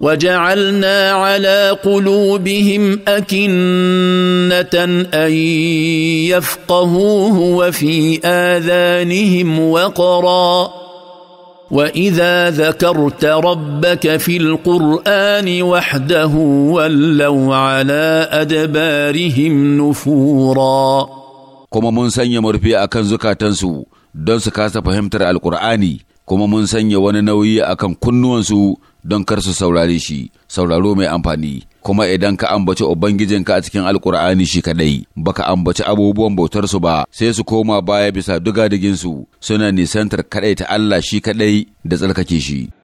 وجعلنا على قلوبهم اكنه ان يفقهوه وفي اذانهم وقرا واذا ذكرت ربك في القران وحده ولوا على ادبارهم نفورا كما mun sanya murfi akan zukatansu don su kasa kuma mun sanya wani nauyi a kan kunnuwansu don kar su saurare shi sauraro mai amfani kuma idan ka ambaci ubangijinka a cikin Alƙur'ani shi kadai ka ambaci abubuwan bautarsu ba sai su koma baya bisa dugadiginsu suna nisantar kaɗai ta Allah shi kaɗai da tsarkake shi